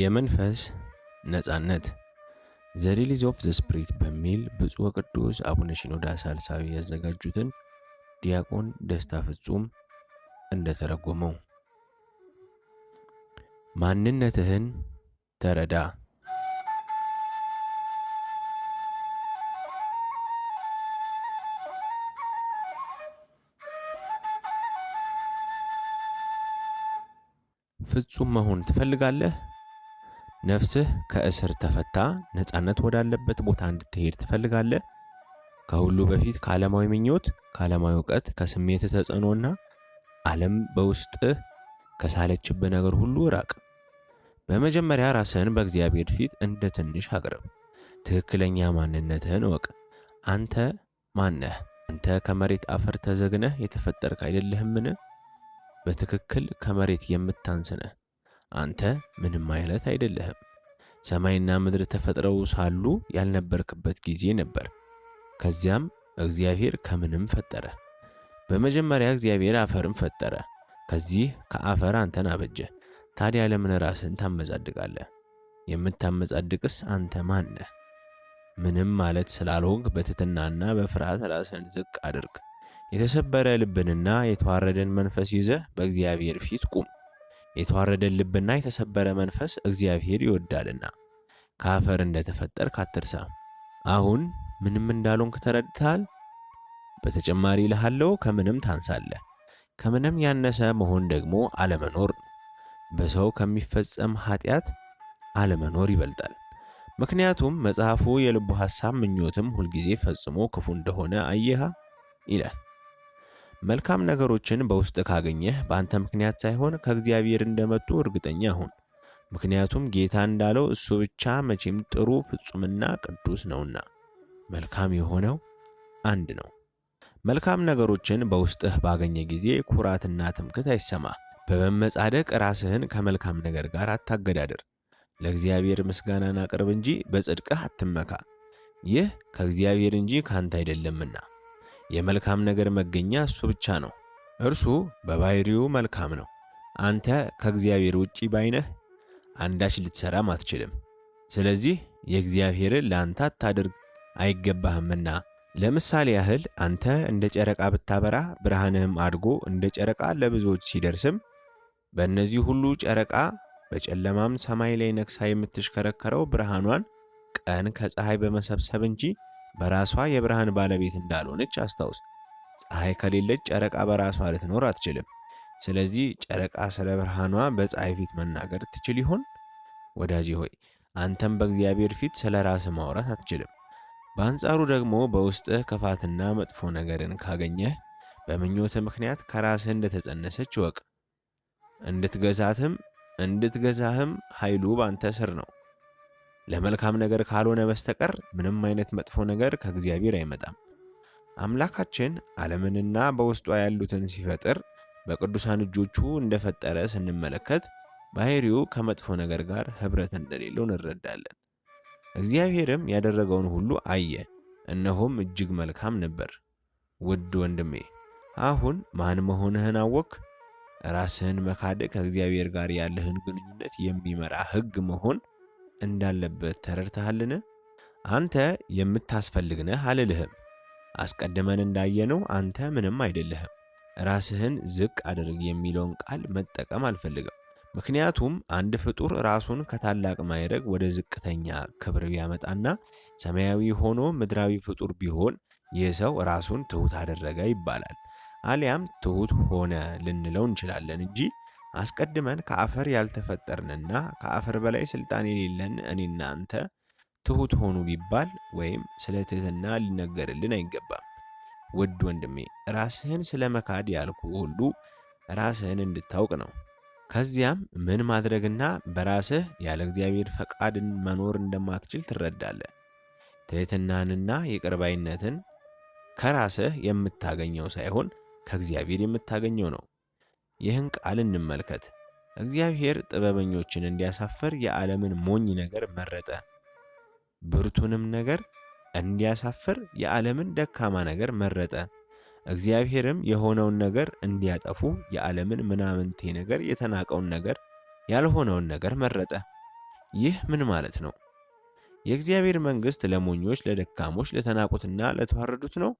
የመንፈስ ነጻነት ዘሪሊዝ ኦፍ ዘ ስፕሪት በሚል ብፁዕ ቅዱስ አቡነ ሺኖዳ ሳልሳዊ ያዘጋጁትን ዲያቆን ደስታ ፍጹም እንደተረጎመው ማንነትህን ተረዳ። ፍጹም መሆን ትፈልጋለህ? ነፍስህ ከእስር ተፈታ ነፃነት ወዳለበት ቦታ እንድትሄድ ትፈልጋለህ? ከሁሉ በፊት ከዓለማዊ ምኞት፣ ከዓለማዊ እውቀት፣ ከስሜት ተጽዕኖና ዓለም በውስጥህ ከሳለችብህ ነገር ሁሉ ራቅ። በመጀመሪያ ራስህን በእግዚአብሔር ፊት እንደ ትንሽ አቅርብ። ትክክለኛ ማንነትህን እወቅ። አንተ ማነህ? አንተ ከመሬት አፈር ተዘግነህ የተፈጠርክ አይደለህምን? በትክክል ከመሬት የምታንስ አንተ ምንም አይነት አይደለህም። ሰማይና ምድር ተፈጥረው ሳሉ ያልነበርክበት ጊዜ ነበር። ከዚያም እግዚአብሔር ከምንም ፈጠረ። በመጀመሪያ እግዚአብሔር አፈርም ፈጠረ። ከዚህ ከአፈር አንተን አበጀ። ታዲያ ለምን ራስን ታመጻድቃለህ? የምታመጻድቅስ አንተ ማን ነህ? ምንም ማለት ስላልሆንክ በትትናና በፍርሃት ራስን ዝቅ አድርግ። የተሰበረ ልብንና የተዋረደን መንፈስ ይዘህ በእግዚአብሔር ፊት ቁም። የተዋረደን ልብና የተሰበረ መንፈስ እግዚአብሔር ይወዳልና ከአፈር እንደተፈጠርክ አትርሳ። አሁን ምንም እንዳልሆንክ ተረድተሃል። በተጨማሪ እልሃለሁ ከምንም ታንሳለህ። ከምንም ያነሰ መሆን ደግሞ አለመኖር ነው። በሰው ከሚፈጸም ኃጢአት አለመኖር ይበልጣል። ምክንያቱም መጽሐፉ የልቡ ሐሳብ ምኞትም ሁልጊዜ ፈጽሞ ክፉ እንደሆነ አየሃ ይላል። መልካም ነገሮችን በውስጥ ካገኘህ በአንተ ምክንያት ሳይሆን ከእግዚአብሔር እንደመጡ እርግጠኛ ሁን። ምክንያቱም ጌታ እንዳለው እሱ ብቻ መቼም ጥሩ ፍጹምና ቅዱስ ነውና መልካም የሆነው አንድ ነው። መልካም ነገሮችን በውስጥህ ባገኘ ጊዜ ኩራትና ትምክት አይሰማ። በመመጻደቅ ራስህን ከመልካም ነገር ጋር አታገዳድር። ለእግዚአብሔር ምስጋናን አቅርብ እንጂ በጽድቅህ አትመካ፣ ይህ ከእግዚአብሔር እንጂ ከአንተ አይደለምና። የመልካም ነገር መገኛ እሱ ብቻ ነው። እርሱ በባህሪው መልካም ነው። አንተ ከእግዚአብሔር ውጪ ባይነህ አንዳች ልትሰራም አትችልም። ስለዚህ የእግዚአብሔርን ለአንተ አታድርግ አይገባህምና። ለምሳሌ ያህል አንተ እንደ ጨረቃ ብታበራ ብርሃንህም አድጎ እንደ ጨረቃ ለብዙዎች ሲደርስም በእነዚህ ሁሉ ጨረቃ በጨለማም ሰማይ ላይ ነግሳ የምትሽከረከረው ብርሃኗን ቀን ከፀሐይ በመሰብሰብ እንጂ በራሷ የብርሃን ባለቤት እንዳልሆነች አስታውስ። ፀሐይ ከሌለች ጨረቃ በራሷ ልትኖር አትችልም። ስለዚህ ጨረቃ ስለ ብርሃኗ በፀሐይ ፊት መናገር ትችል ይሆን? ወዳጄ ሆይ አንተም በእግዚአብሔር ፊት ስለ ራስህ ማውራት አትችልም። በአንጻሩ ደግሞ በውስጥህ ክፋትና መጥፎ ነገርን ካገኘህ በምኞት ምክንያት ከራስህ እንደተጸነሰች ወቅ እንድትገዛትም እንድትገዛህም ኃይሉ ባንተ ስር ነው። ለመልካም ነገር ካልሆነ በስተቀር ምንም አይነት መጥፎ ነገር ከእግዚአብሔር አይመጣም። አምላካችን ዓለምንና በውስጧ ያሉትን ሲፈጥር በቅዱሳን እጆቹ እንደፈጠረ ስንመለከት ባህሪው ከመጥፎ ነገር ጋር ኅብረት እንደሌለው እንረዳለን። እግዚአብሔርም ያደረገውን ሁሉ አየ፣ እነሆም እጅግ መልካም ነበር። ውድ ወንድሜ አሁን ማን መሆንህን አወክ? ራስህን መካድ ከእግዚአብሔር ጋር ያለህን ግንኙነት የሚመራ ሕግ መሆን እንዳለበት ተረድተሃልን? አንተ የምታስፈልግ ነህ አልልህም። አስቀድመን እንዳየነው አንተ ምንም አይደለህም። ራስህን ዝቅ አድርግ የሚለውን ቃል መጠቀም አልፈልግም። ምክንያቱም አንድ ፍጡር ራሱን ከታላቅ ማዕረግ ወደ ዝቅተኛ ክብር ቢያመጣና ሰማያዊ ሆኖ ምድራዊ ፍጡር ቢሆን ይህ ሰው ራሱን ትሑት አደረገ ይባላል። አሊያም ትሑት ሆነ ልንለው እንችላለን እንጂ አስቀድመን ከአፈር ያልተፈጠርንና ከአፈር በላይ ስልጣን የሌለን እኔና አንተ ትሑት ሆኑ ቢባል ወይም ስለ ትህትና ሊነገርልን አይገባም። ውድ ወንድሜ ራስህን ስለ መካድ ያልኩ ሁሉ ራስህን እንድታውቅ ነው። ከዚያም ምን ማድረግና በራስህ ያለ እግዚአብሔር ፈቃድን መኖር እንደማትችል ትረዳለህ። ትህትናንና የቅርባይነትን ከራስህ የምታገኘው ሳይሆን ከእግዚአብሔር የምታገኘው ነው። ይህን ቃል እንመልከት። እግዚአብሔር ጥበበኞችን እንዲያሳፍር የዓለምን ሞኝ ነገር መረጠ፣ ብርቱንም ነገር እንዲያሳፍር የዓለምን ደካማ ነገር መረጠ። እግዚአብሔርም የሆነውን ነገር እንዲያጠፉ የዓለምን ምናምንቴ ነገር፣ የተናቀውን ነገር፣ ያልሆነውን ነገር መረጠ። ይህ ምን ማለት ነው? የእግዚአብሔር መንግሥት ለሞኞች፣ ለደካሞች፣ ለተናቁትና ለተዋረዱት ነው?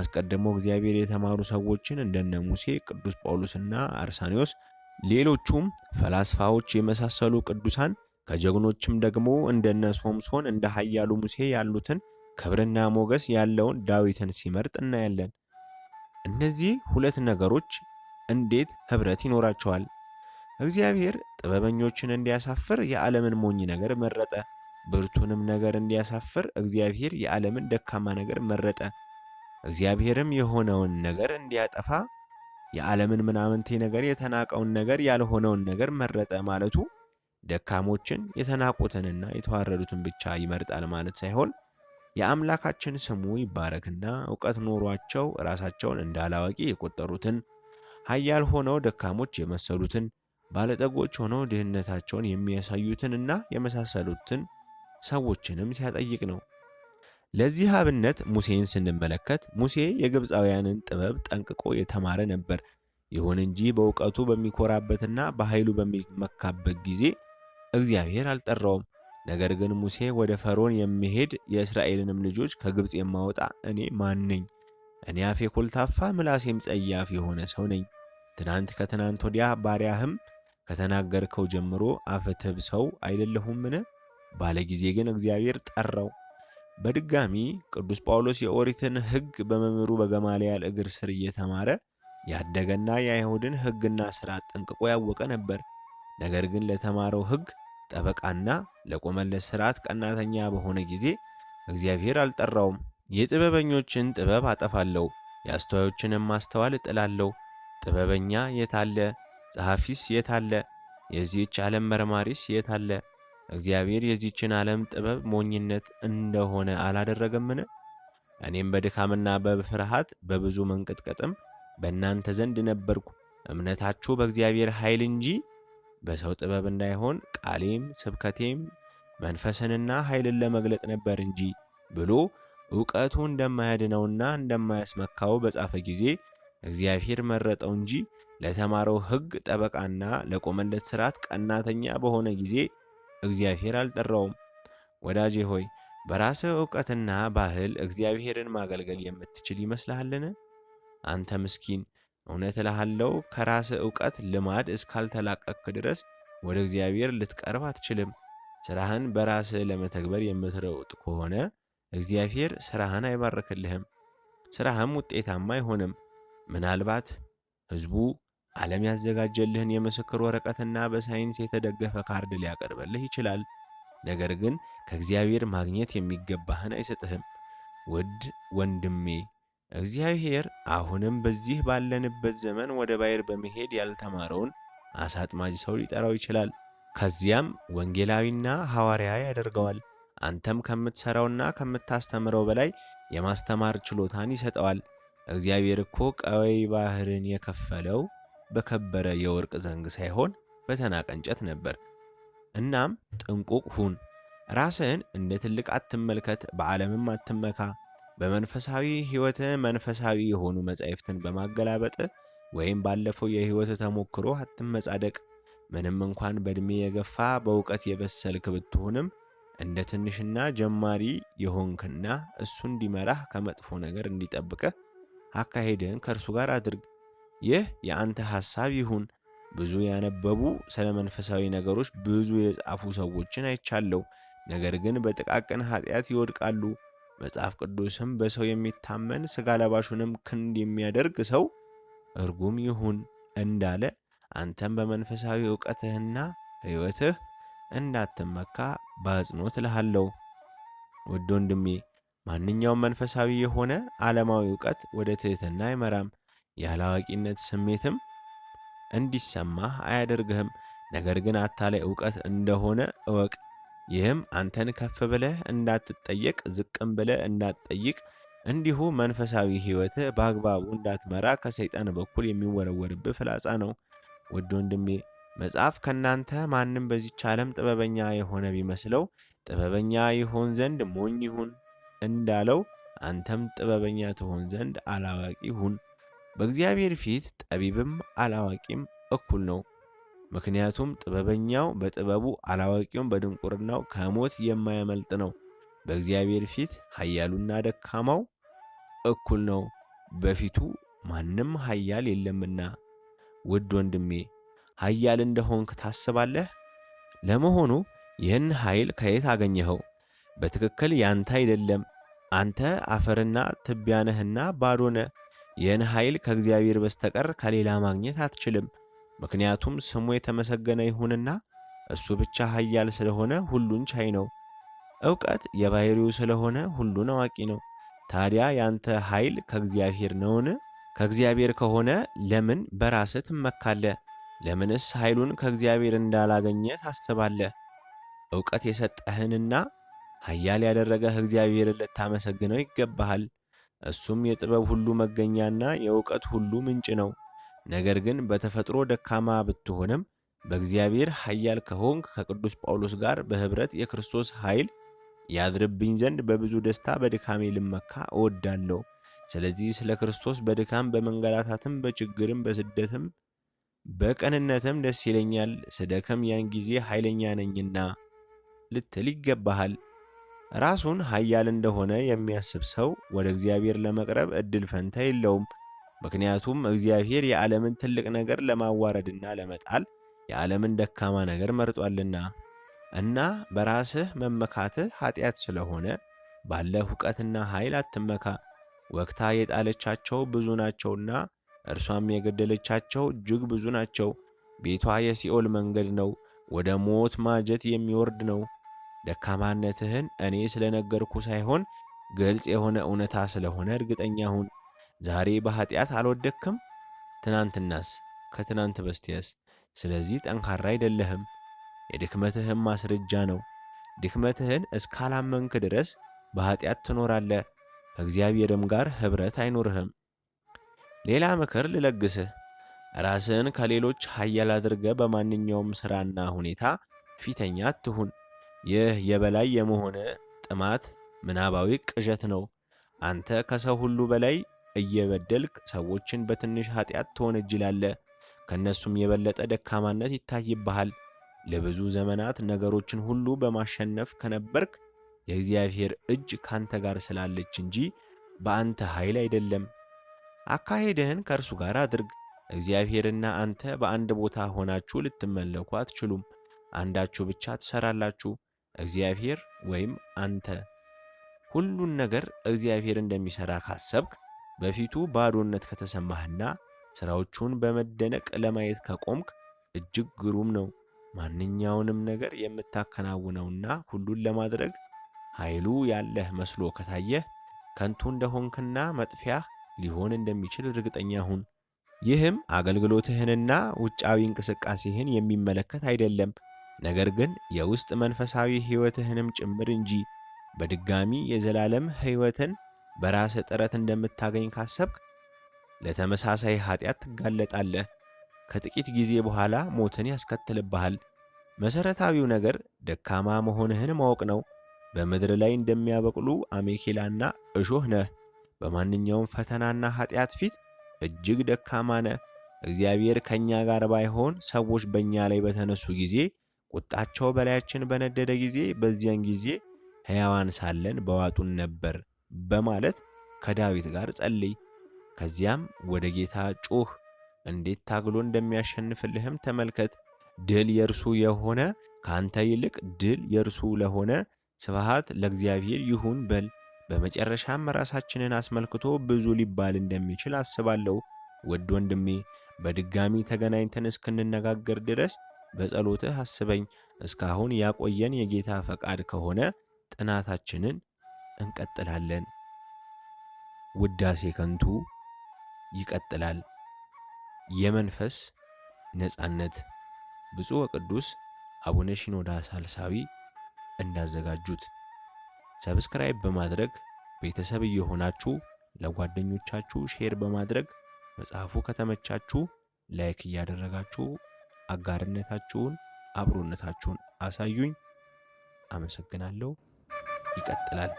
አስቀድሞ እግዚአብሔር የተማሩ ሰዎችን እንደነ ሙሴ፣ ቅዱስ ጳውሎስና አርሳኒዎስ ሌሎቹም ፈላስፋዎች የመሳሰሉ ቅዱሳን ከጀግኖችም ደግሞ እንደነ ሶምሶን እንደ ኃያሉ ሙሴ ያሉትን ክብርና ሞገስ ያለውን ዳዊትን ሲመርጥ እናያለን። እነዚህ ሁለት ነገሮች እንዴት ኅብረት ይኖራቸዋል? እግዚአብሔር ጥበበኞችን እንዲያሳፍር የዓለምን ሞኝ ነገር መረጠ። ብርቱንም ነገር እንዲያሳፍር እግዚአብሔር የዓለምን ደካማ ነገር መረጠ። እግዚአብሔርም የሆነውን ነገር እንዲያጠፋ የዓለምን ምናምንቴ ነገር የተናቀውን ነገር ያልሆነውን ነገር መረጠ ማለቱ ደካሞችን የተናቁትንና የተዋረዱትን ብቻ ይመርጣል ማለት ሳይሆን የአምላካችን ስሙ ይባረክና እውቀት ኖሯቸው ራሳቸውን እንዳላዋቂ የቆጠሩትን ኃያል ሆነው ደካሞች የመሰሉትን ባለጠጎች ሆነው ድህነታቸውን የሚያሳዩትንና የመሳሰሉትን ሰዎችንም ሲያጠይቅ ነው። ለዚህ አብነት ሙሴን ስንመለከት ሙሴ የግብፃውያንን ጥበብ ጠንቅቆ የተማረ ነበር። ይሁን እንጂ በእውቀቱ በሚኮራበትና በኃይሉ በሚመካበት ጊዜ እግዚአብሔር አልጠራውም። ነገር ግን ሙሴ ወደ ፈርዖን የሚሄድ የእስራኤልንም ልጆች ከግብፅ የማወጣ እኔ ማን ነኝ? እኔ አፌ ኮልታፋ ምላሴም ጸያፍ የሆነ ሰው ነኝ። ትናንት ከትናንት ወዲያ ባሪያህም ከተናገርከው ጀምሮ አፍትብ ሰው አይደለሁምን? ባለ ጊዜ ግን እግዚአብሔር ጠራው። በድጋሚ ቅዱስ ጳውሎስ የኦሪትን ሕግ በመምህሩ በገማልያል እግር ስር እየተማረ ያደገና የአይሁድን ሕግና ሥርዓት ጠንቅቆ ያወቀ ነበር። ነገር ግን ለተማረው ሕግ ጠበቃና ለቆመለት ሥርዓት ቀናተኛ በሆነ ጊዜ እግዚአብሔር አልጠራውም። የጥበበኞችን ጥበብ አጠፋለሁ፣ የአስተዋዮችንም ማስተዋል እጥላለሁ። ጥበበኛ የታለ? ጸሐፊስ የታለ? የዚህች ዓለም መርማሪስ የታለ? እግዚአብሔር የዚችን ዓለም ጥበብ ሞኝነት እንደሆነ አላደረገምን? እኔም በድካምና በፍርሃት በብዙ መንቀጥቀጥም በእናንተ ዘንድ ነበርኩ። እምነታችሁ በእግዚአብሔር ኃይል እንጂ በሰው ጥበብ እንዳይሆን ቃሌም ስብከቴም መንፈስንና ኃይልን ለመግለጥ ነበር እንጂ ብሎ እውቀቱ እንደማያድነውና እንደማያስመካው በጻፈ ጊዜ እግዚአብሔር መረጠው እንጂ ለተማረው ሕግ ጠበቃና ለቆመለት ሥርዓት ቀናተኛ በሆነ ጊዜ እግዚአብሔር አልጠራውም። ወዳጄ ሆይ በራስህ እውቀትና ባህል እግዚአብሔርን ማገልገል የምትችል ይመስልሃልን? አንተ ምስኪን፣ እውነት እልሃለሁ ከራስህ እውቀት ልማድ እስካልተላቀክ ድረስ ወደ እግዚአብሔር ልትቀርብ አትችልም። ስራህን በራስህ ለመተግበር የምትረውጥ ከሆነ እግዚአብሔር ሥራህን አይባርክልህም፣ ስራህም ውጤታማ አይሆንም። ምናልባት ሕዝቡ ዓለም ያዘጋጀልህን የምስክር ወረቀትና በሳይንስ የተደገፈ ካርድ ሊያቀርበልህ ይችላል። ነገር ግን ከእግዚአብሔር ማግኘት የሚገባህን አይሰጥህም። ውድ ወንድሜ እግዚአብሔር አሁንም በዚህ ባለንበት ዘመን ወደ ባይር በመሄድ ያልተማረውን አሳጥማጅ ሰው ሊጠራው ይችላል። ከዚያም ወንጌላዊና ሐዋርያ ያደርገዋል። አንተም ከምትሠራውና ከምታስተምረው በላይ የማስተማር ችሎታን ይሰጠዋል። እግዚአብሔር እኮ ቀይ ባህርን የከፈለው በከበረ የወርቅ ዘንግ ሳይሆን በተናቀ እንጨት ነበር። እናም ጥንቁቅ ሁን፣ ራስህን እንደ ትልቅ አትመልከት፣ በዓለምም አትመካ። በመንፈሳዊ ሕይወት መንፈሳዊ የሆኑ መጻሕፍትን በማገላበጥ ወይም ባለፈው የሕይወት ተሞክሮ አትመጻደቅ። ምንም እንኳን በዕድሜ የገፋ በእውቀት የበሰልክ ብትሆንም እንደ ትንሽና ጀማሪ የሆንክና እሱ እንዲመራህ ከመጥፎ ነገር እንዲጠብቅህ አካሄድህን ከእርሱ ጋር አድርግ። ይህ የአንተ ሐሳብ ይሁን። ብዙ ያነበቡ ስለ መንፈሳዊ ነገሮች ብዙ የጻፉ ሰዎችን አይቻለሁ፣ ነገር ግን በጥቃቅን ኃጢአት ይወድቃሉ። መጽሐፍ ቅዱስም በሰው የሚታመን ሥጋ ለባሹንም ክንድ የሚያደርግ ሰው እርጉም ይሁን እንዳለ አንተም በመንፈሳዊ ዕውቀትህና ሕይወትህ እንዳትመካ በአጽንኦት እልሃለሁ። ውድ ወንድሜ፣ ማንኛውም መንፈሳዊ የሆነ ዓለማዊ ዕውቀት ወደ ትሕትና አይመራም። የአላዋቂነት ስሜትም እንዲሰማህ አያደርግህም። ነገር ግን አታላይ እውቀት እንደሆነ እወቅ። ይህም አንተን ከፍ ብለህ እንዳትጠየቅ፣ ዝቅም ብለህ እንዳትጠይቅ፣ እንዲሁ መንፈሳዊ ሕይወትህ በአግባቡ እንዳትመራ ከሰይጣን በኩል የሚወረወርብህ ፍላጻ ነው። ውድ ወንድሜ መጽሐፍ ከእናንተ ማንም በዚች ዓለም ጥበበኛ የሆነ ቢመስለው ጥበበኛ ይሆን ዘንድ ሞኝ ይሁን እንዳለው አንተም ጥበበኛ ትሆን ዘንድ አላዋቂ ሁን። በእግዚአብሔር ፊት ጠቢብም አላዋቂም እኩል ነው። ምክንያቱም ጥበበኛው በጥበቡ አላዋቂውም በድንቁርናው ከሞት የማያመልጥ ነው። በእግዚአብሔር ፊት ኃያሉና ደካማው እኩል ነው፣ በፊቱ ማንም ኃያል የለምና። ውድ ወንድሜ ኃያል እንደሆንክ ታስባለህ? ለመሆኑ ይህን ኃይል ከየት አገኘኸው? በትክክል ያንተ አይደለም። አንተ አፈርና ትቢያ ነህና ባዶ ነህ። ይህን ኃይል ከእግዚአብሔር በስተቀር ከሌላ ማግኘት አትችልም። ምክንያቱም ስሙ የተመሰገነ ይሁንና እሱ ብቻ ኃያል ስለሆነ ሁሉን ቻይ ነው። ዕውቀት የባሕሪው ስለሆነ ሁሉን አዋቂ ነው። ታዲያ ያንተ ኃይል ከእግዚአብሔር ነውን? ከእግዚአብሔር ከሆነ ለምን በራስህ ትመካለህ? ለምንስ ኃይሉን ከእግዚአብሔር እንዳላገኘ ታስባለህ? ዕውቀት የሰጠህንና ኃያል ያደረገህ እግዚአብሔርን ልታመሰግነው ይገባሃል። እሱም የጥበብ ሁሉ መገኛና የእውቀት ሁሉ ምንጭ ነው። ነገር ግን በተፈጥሮ ደካማ ብትሆንም በእግዚአብሔር ኃያል ከሆንክ ከቅዱስ ጳውሎስ ጋር በኅብረት የክርስቶስ ኃይል ያድርብኝ ዘንድ በብዙ ደስታ በድካሜ ልመካ እወዳለሁ። ስለዚህ ስለ ክርስቶስ በድካም በመንገላታትም በችግርም በስደትም በቀንነትም ደስ ይለኛል፣ ስደክም ያን ጊዜ ኃይለኛ ነኝና ልትል ይገባሃል። ራሱን ኃያል እንደሆነ የሚያስብ ሰው ወደ እግዚአብሔር ለመቅረብ እድል ፈንታ የለውም። ምክንያቱም እግዚአብሔር የዓለምን ትልቅ ነገር ለማዋረድና ለመጣል የዓለምን ደካማ ነገር መርጧልና እና በራስህ መመካትህ ኃጢአት ስለሆነ ባለ እውቀትና ኃይል አትመካ። ወቅታ የጣለቻቸው ብዙ ናቸውና እርሷም የገደለቻቸው እጅግ ብዙ ናቸው። ቤቷ የሲኦል መንገድ ነው፣ ወደ ሞት ማጀት የሚወርድ ነው። ደካማነትህን እኔ ስለነገርኩ ሳይሆን ግልጽ የሆነ እውነታ ስለሆነ እርግጠኛ ሁን። ዛሬ በኃጢአት አልወደክም፣ ትናንትናስ ከትናንት በስቲያስ። ስለዚህ ጠንካራ አይደለህም። የድክመትህም ማስረጃ ነው። ድክመትህን እስካላመንክ ድረስ በኃጢአት ትኖራለህ፣ ከእግዚአብሔርም ጋር ኅብረት አይኖርህም። ሌላ ምክር ልለግስህ። ራስህን ከሌሎች ኃያል አድርገ በማንኛውም ሥራና ሁኔታ ፊተኛ አትሁን። ይህ የበላይ የመሆን ጥማት ምናባዊ ቅዠት ነው። አንተ ከሰው ሁሉ በላይ እየበደልክ ሰዎችን በትንሽ ኃጢአት ትወነጅላለህ። ከእነሱም የበለጠ ደካማነት ይታይብሃል። ለብዙ ዘመናት ነገሮችን ሁሉ በማሸነፍ ከነበርክ የእግዚአብሔር እጅ ካንተ ጋር ስላለች እንጂ በአንተ ኃይል አይደለም። አካሄድህን ከእርሱ ጋር አድርግ። እግዚአብሔርና አንተ በአንድ ቦታ ሆናችሁ ልትመለኩ አትችሉም። አንዳችሁ ብቻ ትሰራላችሁ። እግዚአብሔር ወይም አንተ ሁሉን ነገር እግዚአብሔር እንደሚሠራ ካሰብክ በፊቱ ባዶነት ከተሰማህና ሥራዎቹን በመደነቅ ለማየት ከቆምክ እጅግ ግሩም ነው። ማንኛውንም ነገር የምታከናውነውና ሁሉን ለማድረግ ኃይሉ ያለህ መስሎ ከታየህ ከንቱ እንደሆንክና መጥፊያህ ሊሆን እንደሚችል እርግጠኛ ሁን። ይህም አገልግሎትህንና ውጫዊ እንቅስቃሴህን የሚመለከት አይደለም። ነገር ግን የውስጥ መንፈሳዊ ሕይወትህንም ጭምር እንጂ በድጋሚ የዘላለም ሕይወትን በራስ ጥረት እንደምታገኝ ካሰብክ ለተመሳሳይ ኃጢአት ትጋለጣለህ። ከጥቂት ጊዜ በኋላ ሞትን ያስከትልብሃል። መሠረታዊው ነገር ደካማ መሆንህን ማወቅ ነው። በምድር ላይ እንደሚያበቅሉ አሜኬላና እሾህ ነህ። በማንኛውም ፈተናና ኃጢአት ፊት እጅግ ደካማ ነህ። እግዚአብሔር ከእኛ ጋር ባይሆን ሰዎች በእኛ ላይ በተነሱ ጊዜ ቁጣቸው በላያችን በነደደ ጊዜ በዚያን ጊዜ ሕያዋን ሳለን በዋጡን ነበር በማለት ከዳዊት ጋር ጸልይ። ከዚያም ወደ ጌታ ጩህ፣ እንዴት ታግሎ እንደሚያሸንፍልህም ተመልከት። ድል የእርሱ የሆነ ካንተ ይልቅ ድል የእርሱ ለሆነ ስብሃት ለእግዚአብሔር ይሁን በል። በመጨረሻም ራሳችንን አስመልክቶ ብዙ ሊባል እንደሚችል አስባለሁ። ውድ ወንድሜ በድጋሚ ተገናኝተን እስክንነጋገር ድረስ በጸሎትህ አስበኝ። እስካሁን ያቆየን የጌታ ፈቃድ ከሆነ ጥናታችንን እንቀጥላለን። ውዳሴ ከንቱ ይቀጥላል። የመንፈስ ነጻነት ብፁዕ ወቅዱስ አቡነ ሺኖዳ ሳልሳዊ እንዳዘጋጁት ሰብስክራይብ በማድረግ ቤተሰብ እየሆናችሁ ለጓደኞቻችሁ ሼር በማድረግ መጽሐፉ ከተመቻችሁ ላይክ እያደረጋችሁ አጋርነታችሁን፣ አብሮነታችሁን አሳዩኝ። አመሰግናለሁ። ይቀጥላል።